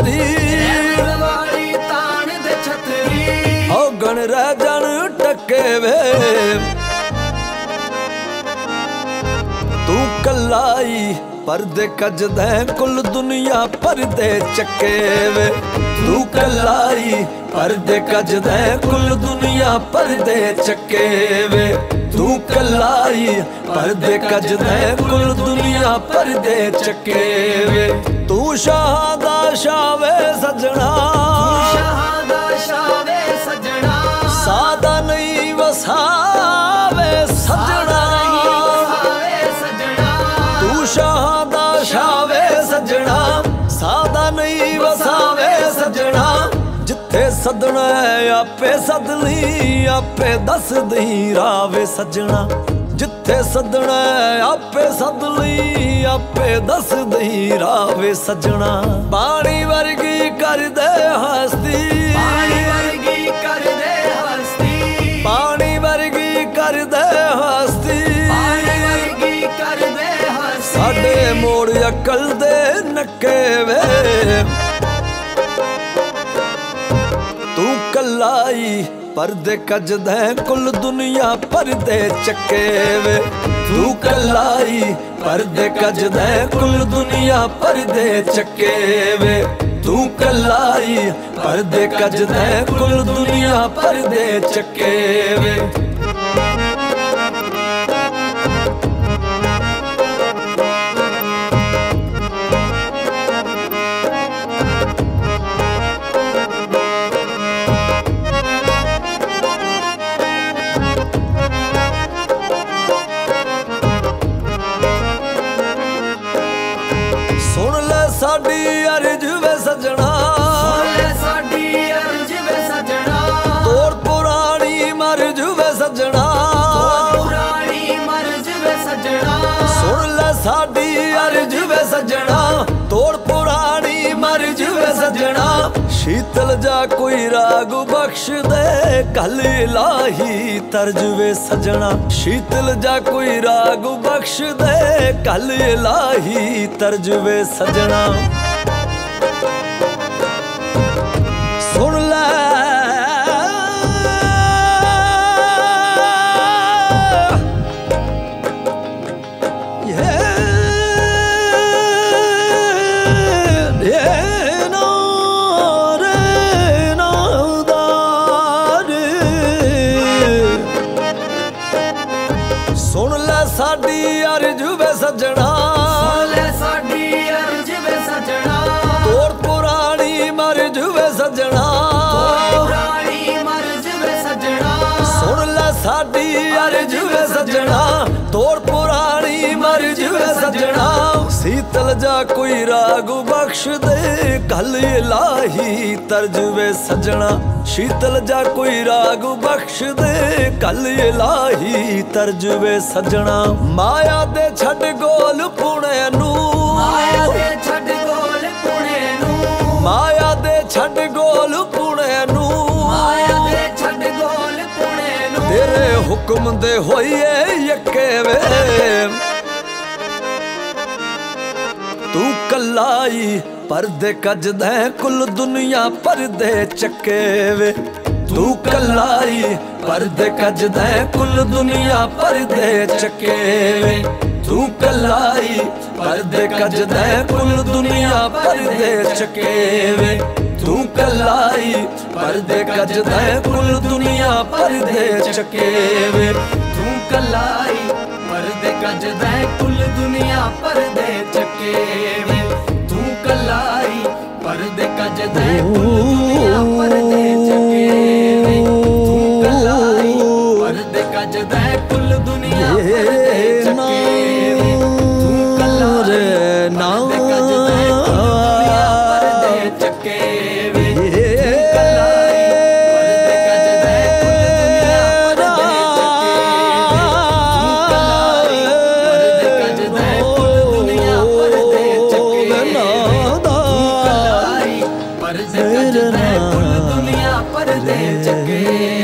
ਛਤਰੀ ਰੈਣਵਾਰੀ ਤਾਣ ਦੇ ਛਤਰੀ ਹੋ ਗਣ ਰਹਿ ਟੱਕੇ ਵੇ ਤੂੰ ਕਲਾਈ ਪਰਦੇ ਕੱਜਦੈ ਕੁੱਲ ਦੁਨੀਆ ਪਰਦੇ ਚੱਕੇ ਵੇ ਤੂੰ ਕਲਾਈ ਪਰਦੇ ਕੱਜਦੈ ਕੁੱਲ ਦੁਨੀਆ ਪਰਦੇ ਚੱਕੇ ਵੇ ਤੂੰ ਕਲਾਈ ਪਰਦੇ ਕੱਜਦੈ ਕੁੱਲ ਦੁਨੀਆ ਪਰਦੇ ਚੱਕੇ ਵੇ ਤੂੰ ਸ਼ਹਾਦਾ ਸ਼ਾਵੇ ਸਜਣਾ ਤੂੰ ਸ਼ਹਾਦਾ ਸ਼ਾਵੇ ਸਜਣਾ ਸਾਦਾ ਨਹੀਂ ਵਸਾਵੇ ਸਜਣਾ ਤੂੰ ਸ਼ਹਾਦਾ ਸ਼ਾਵੇ ਸਜਣਾ ਸਾਦਾ ਨਹੀਂ ਵਸਾਵੇ ਸਜਣਾ ਜਿੱਥੇ ਸਦਣਾ ਆਪੇ ਸਦਲੀ ਆਪੇ ਦੱਸਦੀ ਰਾਵੇ ਸਜਣਾ ਜਿੱਥੇ ਸਦਣਾ ਆਪੇ ਸਦਲੀ ਆਪੇ ਦੱਸ ਦਈ ਰਾਵੇ ਸਜਣਾ ਪਾਣੀ ਵਰਗੀ ਕਰਦੇ ਹਸਤੀ ਪਾਣੀ ਵਰਗੀ ਕਰਦੇ ਹਸਤੀ ਬਾਣੀ ਵਰਗੀ ਕਰਦੇ ਹਸਤੀ ਬਾਣੀ ਵਰਗੀ ਕਰਦੇ ਹਸਤੀ ਸਾਡੇ ਮੋੜ ਅਕਲ ਦੇ ਨੱਕੇ ਵੇ ਤੂੰ ਕੱਲਾਈ ਪਰਦੇ ਕੱਜਦਾ ਕੁੱਲ ਦੁਨੀਆ ਪਰਦੇ ਚੱਕੇ ਵੇ ਤੂੰ ਕੱਲਾਈ ਪਰਦੇ ਕੱਜਦਾ ਕੁੱਲ ਦੁਨੀਆ ਪਰਦੇ ਚੱਕੇ ਵੇ ਤੂੰ ਕੱਲਾਈ ਪਰਦੇ ਕੱਜਦਾ ਕੁੱਲ ਦੁਨੀਆ ਪਰਦੇ ਚੱਕੇ ਵੇ ਸਾਡੀ ਅਰਜ ਵੇ ਸਜਣਾ ਸੋਹਣੇ ਸਾਡੀ ਅਰਜ ਵੇ ਸਜਣਾ ਤੋਰ ਪੁਰਾਣੀ ਮਰਜ ਵੇ ਸਜਣਾ ਪੁਰਾਣੀ ਮਰਜ ਵੇ ਸਜਣਾ ਸੁਣ ਲੈ ਸਾਡੀ ਸ਼ੀਤਲ ਜਾ ਕੋਈ ਰਾਗ ਬਖਸ਼ ਦੇ ਕਲ ਇਲਾਹੀ ਤਰਜਵੇ ਸਜਣਾ ਸ਼ੀਤਲ ਜਾ ਕੋਈ ਰਾਗ ਬਖਸ਼ ਦੇ ਕਲ ਇਲਾਹੀ ਤਰਜਵੇ ਸਜਣਾ ਮਰ ਜੂਏ ਸੱਜਣਾ ਤੋੜ ਪੁਰਾਣੀ ਮਰ ਜੂਏ ਸੱਜਣਾ ਸੀਤਲ ਜਾ ਕੋਈ ਰਾਗ ਬਖਸ਼ ਦੇ ਕਲ ਇਲਾਹੀ ਤਰਜਵੇ ਸਜਣਾ ਸੱਜਣਾ ਸੀਤਲ ਜਾ ਕੋਈ ਰਾਗ ਬਖਸ਼ ਦੇ ਕਲ ਇਲਾਹੀ ਤਰਜਵੇ ਸਜਣਾ ਸੱਜਣਾ ਮਾਇਆ ਦੇ ਛੱਡ ਗੋਲ ਪੁਣੇ ਨੂੰ ਹੁਕਮ ਦੇ ਹੋਈਏ ਯੱਕੇ ਵੇ ਤੂੰ ਕੱਲਾਈ ਪਰਦੇ ਕੱਜਦਾ ਕੁੱਲ ਦੁਨੀਆ ਪਰਦੇ ਚੱਕੇ ਵੇ ਤੂੰ ਕੱਲਾਈ ਪਰਦੇ ਕੱਜਦਾ ਕੁੱਲ ਦੁਨੀਆ ਪਰਦੇ ਚੱਕੇ ਵੇ ਤੂੰ ਕੱਲਾਈ ਪਰਦੇ ਕੱਜਦਾ ਕੁੱਲ ਦੁਨੀਆ ਪਰਦੇ ਚੱਕੇ ਵੇ ਤੂੰ ਕੱਲਾਈ ਪਰਦੇ ਕੱਜਦਾ ਹੈ ਕੁੱਲ ਦੁਨੀਆ ਪਰਦੇ ਚੱਕੇ ਵੇ ਤੂੰ ਕਲਾਈ ਪਰਦੇ ਕੱਜਦਾ ਹੈ ਕੁੱਲ ਦੁਨੀਆ ਪਰਦੇ ਚੱਕੇ ਵੇ ਤੂੰ ਕਲਾਈ ਪਰਦੇ ਕੱਜਦਾ ਕੁੱਲ ਦੁਨੀਆ ਪਰਦੇ ਚੱਕੇ time to give.